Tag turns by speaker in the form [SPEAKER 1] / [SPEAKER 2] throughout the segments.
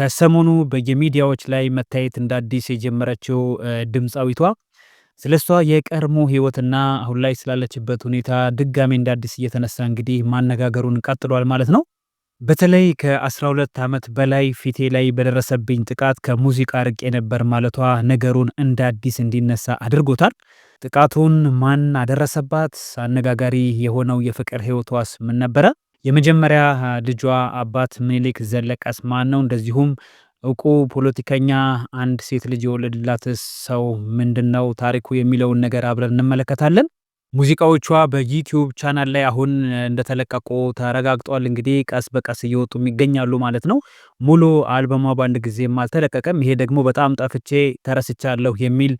[SPEAKER 1] ከሰሞኑ በየሚዲያዎች ላይ መታየት እንደ አዲስ የጀመረችው ድምፃዊቷ ስለ እሷ የቀድሞ ህይወትና አሁን ላይ ስላለችበት ሁኔታ ድጋሜ እንደ አዲስ እየተነሳ እንግዲህ ማነጋገሩን ቀጥሏል ማለት ነው። በተለይ ከ12 ዓመት በላይ ፊቴ ላይ በደረሰብኝ ጥቃት ከሙዚቃ ርቄ ነበር ማለቷ ነገሩን እንደ አዲስ እንዲነሳ አድርጎታል። ጥቃቱን ማን አደረሰባት? አነጋጋሪ የሆነው የፍቅር ህይወቷስ ምን ነበረ? የመጀመሪያ ልጇ አባት ምኒልክ ዘለቀስ ማን ነው? እንደዚሁም እውቁ ፖለቲከኛ አንድ ሴት ልጅ የወለድላት ሰው ምንድን ነው ታሪኩ የሚለውን ነገር አብረን እንመለከታለን። ሙዚቃዎቿ በዩቲዩብ ቻናል ላይ አሁን እንደተለቀቁ ተረጋግጧል። እንግዲህ ቀስ በቀስ እየወጡ ይገኛሉ ማለት ነው። ሙሉ አልበሟ በአንድ ጊዜም አልተለቀቀም። ይሄ ደግሞ በጣም ጠፍቼ ተረስቻለሁ የሚል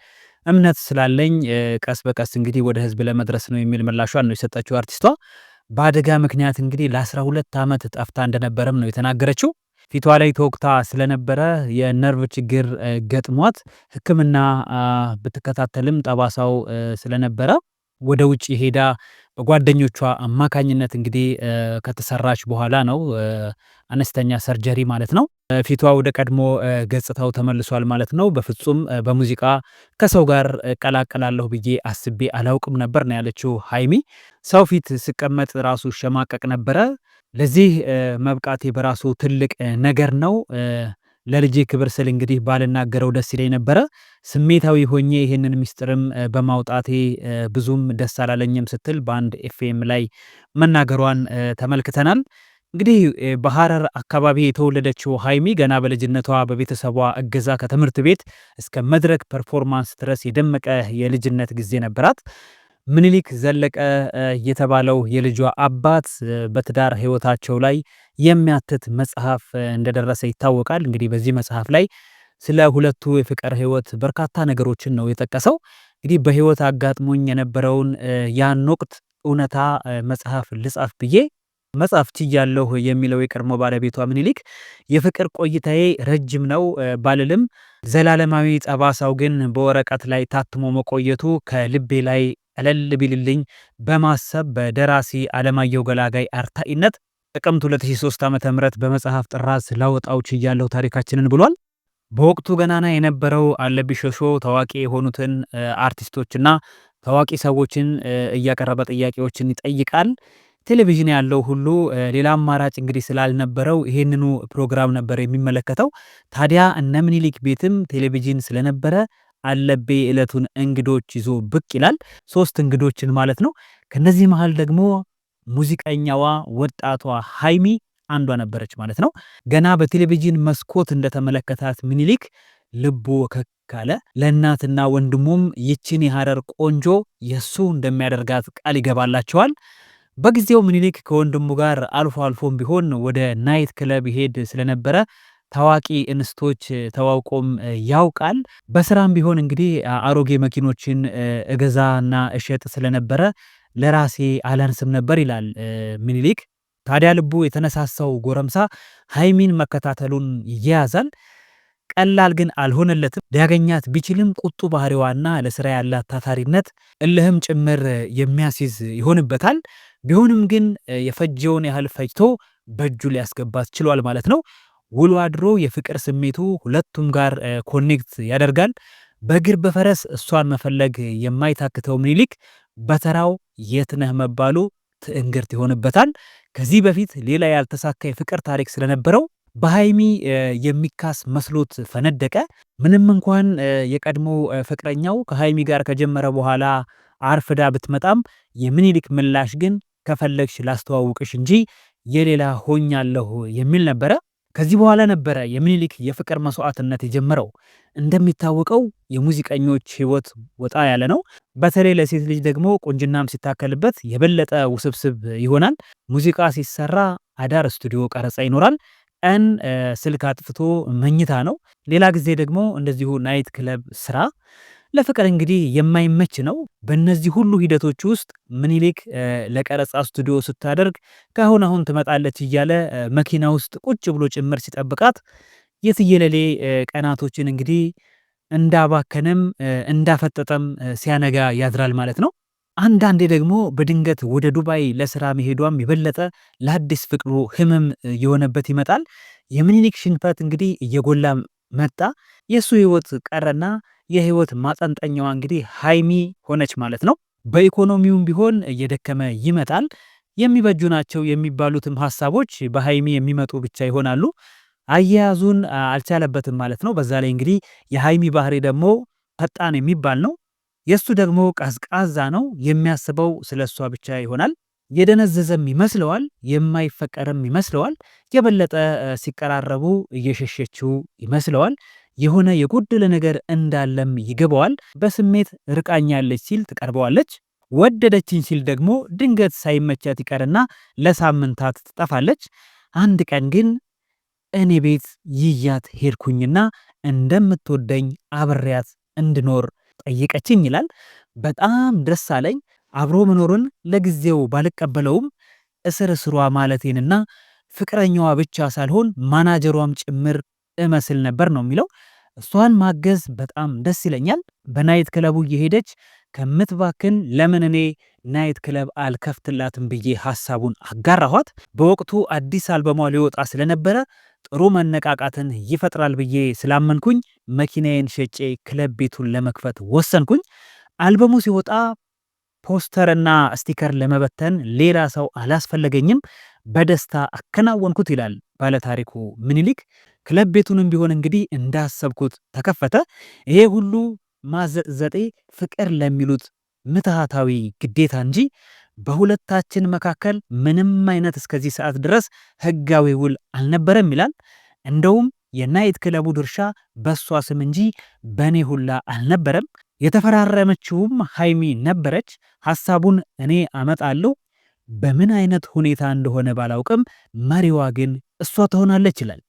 [SPEAKER 1] እምነት ስላለኝ ቀስ በቀስ እንግዲህ ወደ ህዝብ ለመድረስ ነው የሚል ምላሿን ነው የሰጠችው አርቲስቷ። በአደጋ ምክንያት እንግዲህ ለ12 ዓመት ጠፍታ እንደነበረም ነው የተናገረችው። ፊቷ ላይ ተወቅታ ስለነበረ የነርቭ ችግር ገጥሟት ሕክምና ብትከታተልም ጠባሳው ስለነበረ ወደ ውጭ ሄዳ በጓደኞቿ አማካኝነት እንግዲህ ከተሰራች በኋላ ነው አነስተኛ ሰርጀሪ ማለት ነው ፊቷ ወደ ቀድሞ ገጽታው ተመልሷል ማለት ነው። በፍጹም በሙዚቃ ከሰው ጋር ቀላቀላለሁ ብዬ አስቤ አላውቅም ነበር ነው ያለችው ሀይሚ። ሰው ፊት ስቀመጥ ራሱ ሸማቀቅ ነበረ። ለዚህ መብቃቴ በራሱ ትልቅ ነገር ነው። ለልጄ ክብር ስል እንግዲህ ባልናገረው ደስ ይለኝ ነበረ። ስሜታዊ ሆኜ ይህንን ሚስጥርም በማውጣቴ ብዙም ደስ አላለኝም ስትል በአንድ ኤፍኤም ላይ መናገሯን ተመልክተናል። እንግዲህ በሐረር አካባቢ የተወለደችው ሀይሚ ገና በልጅነቷ በቤተሰቧ እገዛ ከትምህርት ቤት እስከ መድረክ ፐርፎርማንስ ድረስ የደመቀ የልጅነት ጊዜ ነበራት። ምኒልክ ዘለቀ የተባለው የልጇ አባት በትዳር ሕይወታቸው ላይ የሚያትት መጽሐፍ እንደደረሰ ይታወቃል። እንግዲህ በዚህ መጽሐፍ ላይ ስለ ሁለቱ የፍቅር ሕይወት በርካታ ነገሮችን ነው የጠቀሰው። እንግዲህ በሕይወት አጋጥሞኝ የነበረውን ያን ወቅት እውነታ መጽሐፍ ልጻፍ ብዬ መጽሐፍ ችያለሁ የሚለው የቀድሞ ባለቤቷ ምኒልክ የፍቅር ቆይታዬ ረጅም ነው ባልልም ዘላለማዊ ጠባሳው ግን በወረቀት ላይ ታትሞ መቆየቱ ከልቤ ላይ ቀለል ቢልልኝ በማሰብ በደራሲ አለማየሁ ገላጋይ አርታኢነት ጥቅምት 2003 ዓ ም በመጽሐፍ ጥራዝ ላወጣው ችያለሁ ታሪካችንን ብሏል። በወቅቱ ገናና የነበረው አለብሽ ታዋቂ የሆኑትን አርቲስቶችና ታዋቂ ሰዎችን እያቀረበ ጥያቄዎችን ይጠይቃል። ቴሌቪዥን ያለው ሁሉ ሌላ አማራጭ እንግዲህ ስላልነበረው ይሄንኑ ፕሮግራም ነበር የሚመለከተው። ታዲያ እነ ምኒልክ ቤትም ቴሌቪዥን ስለነበረ አለቤ የዕለቱን እንግዶች ይዞ ብቅ ይላል። ሶስት እንግዶችን ማለት ነው። ከነዚህ መሀል ደግሞ ሙዚቀኛዋ ወጣቷ ሀይሚ አንዷ ነበረች ማለት ነው። ገና በቴሌቪዥን መስኮት እንደተመለከታት ምኒልክ ልቡ ወከክ ካለ ለእናትና ወንድሙም ይችን የሀረር ቆንጆ የእሱ እንደሚያደርጋት ቃል ይገባላቸዋል። በጊዜው ምኒልክ ከወንድሙ ጋር አልፎ አልፎም ቢሆን ወደ ናይት ክለብ ይሄድ ስለነበረ ታዋቂ እንስቶች ተዋውቆም ያውቃል። በስራም ቢሆን እንግዲህ አሮጌ መኪኖችን እገዛና እሸጥ ስለነበረ ለራሴ አላንስም ነበር ይላል ምኒልክ። ታዲያ ልቡ የተነሳሳው ጎረምሳ ሀይሚን መከታተሉን ይያያዛል። ቀላል ግን አልሆነለትም። ሊያገኛት ቢችልም ቁጡ ባህሪዋና ለስራ ያላት ታታሪነት እልህም ጭምር የሚያስይዝ ይሆንበታል። ቢሆንም ግን የፈጀውን ያህል ፈጅቶ በእጁ ሊያስገባት ችሏል ማለት ነው። ውሎ አድሮ የፍቅር ስሜቱ ሁለቱም ጋር ኮኔክት ያደርጋል። በእግር በፈረስ እሷን መፈለግ የማይታክተው ምኒልክ በተራው የትነህ መባሉ ትእንግርት ይሆንበታል። ከዚህ በፊት ሌላ ያልተሳካ የፍቅር ታሪክ ስለነበረው በሀይሚ የሚካስ መስሎት ፈነደቀ። ምንም እንኳን የቀድሞ ፍቅረኛው ከሀይሚ ጋር ከጀመረ በኋላ አርፍዳ ብትመጣም የምኒልክ ምላሽ ግን ከፈለግሽ ላስተዋውቅሽ እንጂ የሌላ ሆኛለሁ የሚል ነበረ። ከዚህ በኋላ ነበረ የምኒልክ የፍቅር መስዋዕትነት የጀመረው። እንደሚታወቀው የሙዚቀኞች ህይወት ወጣ ያለ ነው። በተለይ ለሴት ልጅ ደግሞ ቁንጅናም ሲታከልበት የበለጠ ውስብስብ ይሆናል። ሙዚቃ ሲሰራ አዳር ስቱዲዮ ቀረጻ ይኖራል። ቀን ስልክ አጥፍቶ መኝታ ነው። ሌላ ጊዜ ደግሞ እንደዚሁ ናይት ክለብ ስራ ለፍቅር እንግዲህ የማይመች ነው። በእነዚህ ሁሉ ሂደቶች ውስጥ ምኒልክ ለቀረጻ ስቱዲዮ ስታደርግ ከአሁን አሁን ትመጣለች እያለ መኪና ውስጥ ቁጭ ብሎ ጭምር ሲጠብቃት የትየለሌ ቀናቶችን እንግዲህ እንዳባከነም እንዳፈጠጠም ሲያነጋ ያድራል ማለት ነው። አንዳንዴ ደግሞ በድንገት ወደ ዱባይ ለስራ መሄዷም የበለጠ ለአዲስ ፍቅሩ ህመም የሆነበት ይመጣል። የምኒልክ ሽንፈት እንግዲህ እየጎላ መጣ። የእሱ ህይወት ቀረና የህይወት ማጠንጠኛዋ እንግዲህ ሀይሚ ሆነች ማለት ነው። በኢኮኖሚውም ቢሆን እየደከመ ይመጣል። የሚበጁ ናቸው የሚባሉትም ሀሳቦች በሀይሚ የሚመጡ ብቻ ይሆናሉ። አያያዙን አልቻለበትም ማለት ነው። በዛ ላይ እንግዲህ የሀይሚ ባህሪ ደግሞ ፈጣን የሚባል ነው። የእሱ ደግሞ ቀዝቃዛ ነው። የሚያስበው ስለ እሷ ብቻ ይሆናል። የደነዘዘም ይመስለዋል፣ የማይፈቀርም ይመስለዋል። የበለጠ ሲቀራረቡ እየሸሸችው ይመስለዋል። የሆነ የጎደለ ነገር እንዳለም ይገባዋል። በስሜት ርቃኛለች ሲል ትቀርበዋለች። ወደደችኝ ሲል ደግሞ ድንገት ሳይመቻት ይቀርና ለሳምንታት ትጠፋለች። አንድ ቀን ግን እኔ ቤት ይያት ሄድኩኝና እንደምትወደኝ አብሬያት እንድኖር ጠየቀችኝ ይላል። በጣም ደስ አለኝ። አብሮ መኖሩን ለጊዜው ባልቀበለውም እስር እስሯ ማለቴንና ፍቅረኛዋ ብቻ ሳልሆን ማናጀሯም ጭምር እመስል ነበር ነው የሚለው። እሷን ማገዝ በጣም ደስ ይለኛል። በናይት ክለቡ እየሄደች ከምትባክን ለምን እኔ ናይት ክለብ አልከፍትላትም ብዬ ሀሳቡን አጋራኋት። በወቅቱ አዲስ አልበሟ ሊወጣ ስለነበረ ጥሩ መነቃቃትን ይፈጥራል ብዬ ስላመንኩኝ መኪናዬን ሸጬ ክለብ ቤቱን ለመክፈት ወሰንኩኝ። አልበሙ ሲወጣ ፖስተርና ስቲከር ለመበተን ሌላ ሰው አላስፈለገኝም፣ በደስታ አከናወንኩት ይላል ባለታሪኩ ምኒልክ። ክለብ ቤቱንም ቢሆን እንግዲህ እንዳሰብኩት ተከፈተ። ይሄ ሁሉ ማዘቅዘጤ ፍቅር ለሚሉት ምትሃታዊ ግዴታ እንጂ በሁለታችን መካከል ምንም አይነት እስከዚህ ሰዓት ድረስ ህጋዊ ውል አልነበረም ይላል። እንደውም የናይት ክለቡ ድርሻ በእሷ ስም እንጂ በእኔ ሁላ አልነበረም። የተፈራረመችውም ሀይሚ ነበረች። ሐሳቡን እኔ አመጣለሁ በምን አይነት ሁኔታ እንደሆነ ባላውቅም መሪዋ ግን እሷ ትሆናለች ይላል።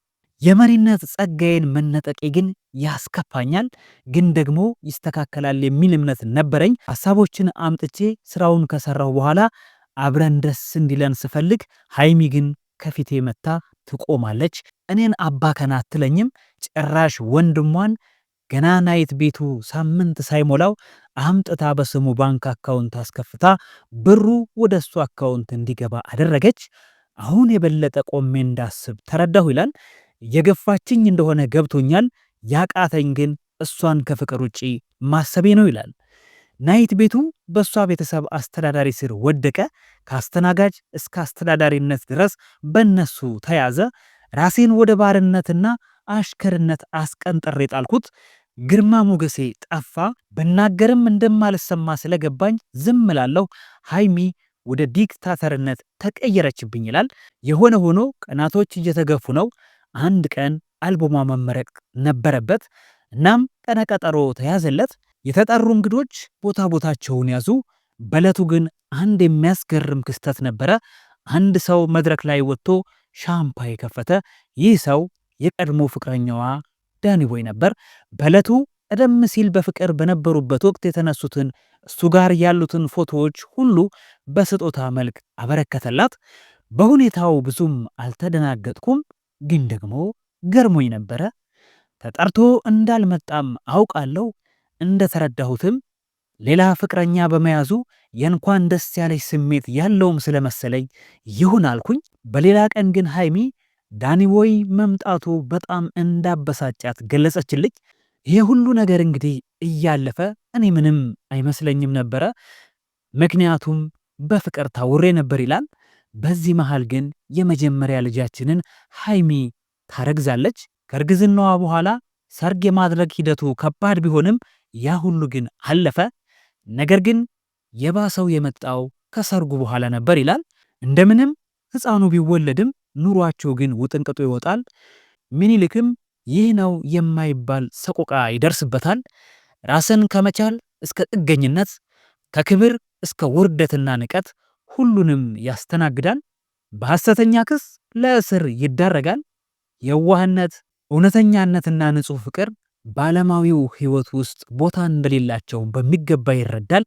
[SPEAKER 1] የመሪነት ጸጋዬን መነጠቄ ግን ያስከፋኛል፣ ግን ደግሞ ይስተካከላል የሚል እምነት ነበረኝ። ሀሳቦችን አምጥቼ ስራውን ከሰራሁ በኋላ አብረን ደስ እንዲለን ስፈልግ ሀይሚ ግን ከፊቴ መታ ትቆማለች። እኔን አባከን አትለኝም። ጭራሽ ወንድሟን ገና ናይት ቤቱ ሳምንት ሳይሞላው አምጥታ በስሙ ባንክ አካውንት አስከፍታ ብሩ ወደ እሱ አካውንት እንዲገባ አደረገች። አሁን የበለጠ ቆሜ እንዳስብ ተረዳሁ ይላል። የገፋችኝ እንደሆነ ገብቶኛል። ያቃተኝ ግን እሷን ከፍቅር ውጪ ማሰቤ ነው ይላል። ናይት ቤቱ በእሷ ቤተሰብ አስተዳዳሪ ስር ወደቀ። ከአስተናጋጅ እስከ አስተዳዳሪነት ድረስ በእነሱ ተያዘ። ራሴን ወደ ባርነትና አሽከርነት አስቀንጠር የጣልኩት ግርማ ሞገሴ ጠፋ። ብናገርም እንደማልሰማ ስለገባኝ ዝም ላለሁ። ሀይሚ ወደ ዲክታተርነት ተቀየረችብኝ ይላል። የሆነ ሆኖ ቀናቶች እየተገፉ ነው። አንድ ቀን አልቦማ መመረቅ ነበረበት። እናም ቀነ ቀጠሮ ተያዘለት። የተጠሩ እንግዶች ቦታ ቦታቸውን ያዙ። በዕለቱ ግን አንድ የሚያስገርም ክስተት ነበረ። አንድ ሰው መድረክ ላይ ወጥቶ ሻምፓ የከፈተ። ይህ ሰው የቀድሞ ፍቅረኛዋ ዳኒ ቦይ ነበር። በዕለቱ ቀደም ሲል በፍቅር በነበሩበት ወቅት የተነሱትን እሱ ጋር ያሉትን ፎቶዎች ሁሉ በስጦታ መልክ አበረከተላት። በሁኔታው ብዙም አልተደናገጥኩም። ግን ደግሞ ገርሞኝ ነበረ። ተጠርቶ እንዳልመጣም አውቃለሁ። እንደተረዳሁትም ሌላ ፍቅረኛ በመያዙ የእንኳን ደስ ያለች ስሜት ያለውም ስለመሰለኝ ይሁን አልኩኝ። በሌላ ቀን ግን ሀይሚ ዳኒቦይ መምጣቱ በጣም እንዳበሳጫት ገለጸችልኝ። ይሄ ሁሉ ነገር እንግዲህ እያለፈ እኔ ምንም አይመስለኝም ነበረ፣ ምክንያቱም በፍቅር ታውሬ ነበር ይላል። በዚህ መሃል ግን የመጀመሪያ ልጃችንን ሀይሚ ታረግዛለች። ከእርግዝናዋ በኋላ ሰርግ የማድረግ ሂደቱ ከባድ ቢሆንም ያ ሁሉ ግን አለፈ። ነገር ግን የባሰው የመጣው ከሰርጉ በኋላ ነበር ይላል። እንደምንም ሕፃኑ ቢወለድም ኑሯቸው ግን ውጥንቅጡ ይወጣል። ምኒልክም ይህ ነው የማይባል ሰቆቃ ይደርስበታል። ራስን ከመቻል እስከ ጥገኝነት፣ ከክብር እስከ ውርደትና ንቀት ሁሉንም ያስተናግዳል፣ በሐሰተኛ ክስ ለእስር ይዳረጋል። የዋህነት፣ እውነተኛነትና ንጹሕ ፍቅር በዓለማዊው ሕይወት ውስጥ ቦታ እንደሌላቸው በሚገባ ይረዳል።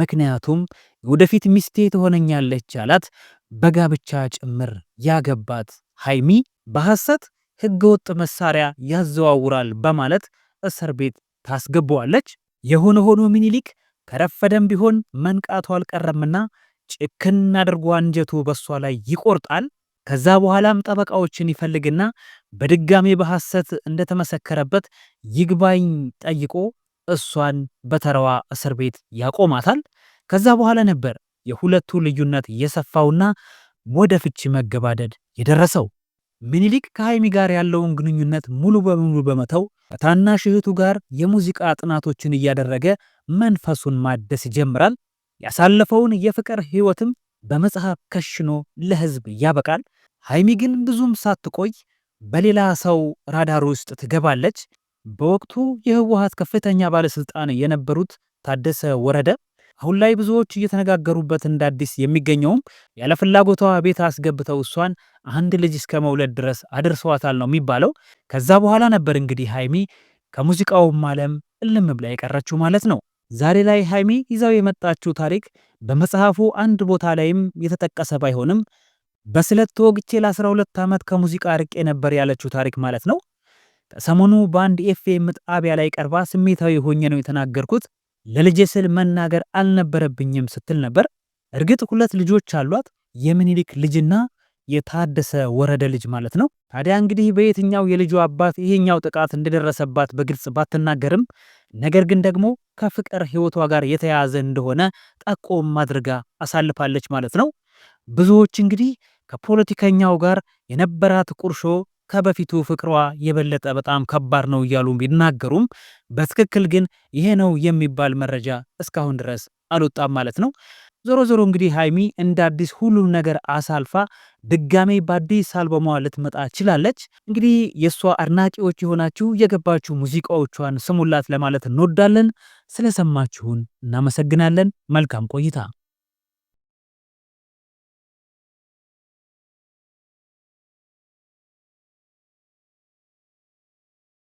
[SPEAKER 1] ምክንያቱም ወደፊት ሚስቴ ትሆነኛለች ያላት በጋብቻ ጭምር ያገባት ሀይሚ በሐሰት ሕገወጥ መሳሪያ ያዘዋውራል በማለት እስር ቤት ታስገባዋለች። የሆነ ሆኖ ምኒልክ ከረፈደም ቢሆን መንቃቱ አልቀረምና ጭክን አድርጎ አንጀቱ በእሷ ላይ ይቆርጣል። ከዛ በኋላም ጠበቃዎችን ይፈልግና በድጋሜ በሐሰት እንደተመሰከረበት ይግባኝ ጠይቆ እሷን በተረዋ እስር ቤት ያቆማታል። ከዛ በኋላ ነበር የሁለቱ ልዩነት የሰፋውና ወደ ፍቺ መገባደድ የደረሰው። ምኒልክ ከሃይሚ ጋር ያለውን ግንኙነት ሙሉ በሙሉ በመተው ከታናሽ እህቱ ጋር የሙዚቃ ጥናቶችን እያደረገ መንፈሱን ማደስ ይጀምራል። ያሳለፈውን የፍቅር ህይወትም በመጽሐፍ ከሽኖ ለህዝብ ያበቃል። ሀይሚ ግን ብዙም ሳትቆይ በሌላ ሰው ራዳር ውስጥ ትገባለች። በወቅቱ የህወሀት ከፍተኛ ባለስልጣን የነበሩት ታደሰ ወረደ አሁን ላይ ብዙዎች እየተነጋገሩበት እንደ አዲስ የሚገኘውም ያለ ፍላጎቷ ቤት አስገብተው እሷን አንድ ልጅ እስከ መውለድ ድረስ አድርሰዋታል ነው የሚባለው። ከዛ በኋላ ነበር እንግዲህ ሀይሚ ከሙዚቃውም ዓለም እልም ብላ የቀረችው ማለት ነው። ዛሬ ላይ ሃይሚ ይዛው የመጣችው ታሪክ በመጽሐፉ አንድ ቦታ ላይም የተጠቀሰ ባይሆንም በስለት ተወግቼ ለ12 ዓመት ከሙዚቃ ርቄ ነበር ያለችው ታሪክ ማለት ነው። ሰሞኑ በአንድ ኤፍኤም ጣቢያ ላይ ቀርባ ስሜታዊ ሆኜ ነው የተናገርኩት፣ ለልጄ ስል መናገር አልነበረብኝም ስትል ነበር። እርግጥ ሁለት ልጆች አሏት፣ የምኒልክ ልጅና የታደሰ ወረደ ልጅ ማለት ነው። ታዲያ እንግዲህ በየትኛው የልጁ አባት ይሄኛው ጥቃት እንደደረሰባት በግልጽ ባትናገርም ነገር ግን ደግሞ ከፍቅር ህይወቷ ጋር የተያያዘ እንደሆነ ጠቆም አድርጋ አሳልፋለች ማለት ነው። ብዙዎች እንግዲህ ከፖለቲከኛው ጋር የነበራት ቁርሾ ከበፊቱ ፍቅሯ የበለጠ በጣም ከባድ ነው እያሉ ቢናገሩም በትክክል ግን ይሄ ነው የሚባል መረጃ እስካሁን ድረስ አልወጣም ማለት ነው። ዞሮ ዞሮ እንግዲህ ሀይሚ እንደ አዲስ ሁሉም ነገር አሳልፋ ድጋሜ በአዲስ አልበሟ ልትመጣ ችላለች። እንግዲህ የእሷ አድናቂዎች የሆናችሁ የገባችሁ ሙዚቃዎቿን ስሙላት ለማለት እንወዳለን። ስለሰማችሁን እናመሰግናለን። መልካም ቆይታ